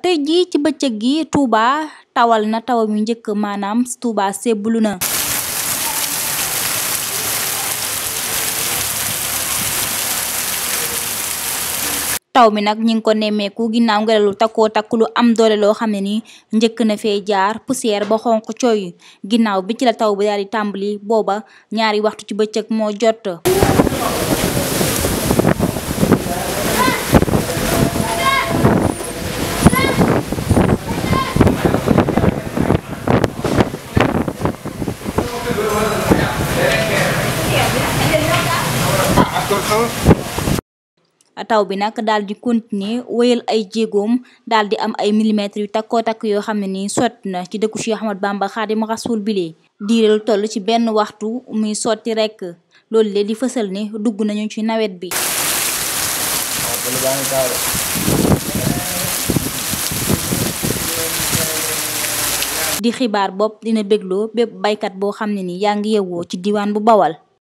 tey jii ci bëccëg gi tuuba tawal na taw yu njëkk maanaam tuuba sebblu na taw mi nag ñi ngi ko nemmeeku ginnaaw ngelaw lu takkoo takk lu am doole loo xam ne ni njëkk na fee jaar poussière ba xonq cooy ginnaaw bi ci la taw bi daal di tàmbali booba ñaari waxtu ci bëccëg moo jot taw bi nag daal di continuer wéyal ay jéegoom daal di am ay millimètres yu takkoo takk yoo xam ne nii sotti na ci dëkku Cheikh Ahmad Bamba Xaadimu Rasuul bile diire toll ci benn waxtu muy sotti rekk loolu le di fësal ne dugg nañu ci nawet bi. di xibaar bopp dina bégloo bépp baykat boo xam ne ni yaa ngi yowoo ci diwaan bu bawal.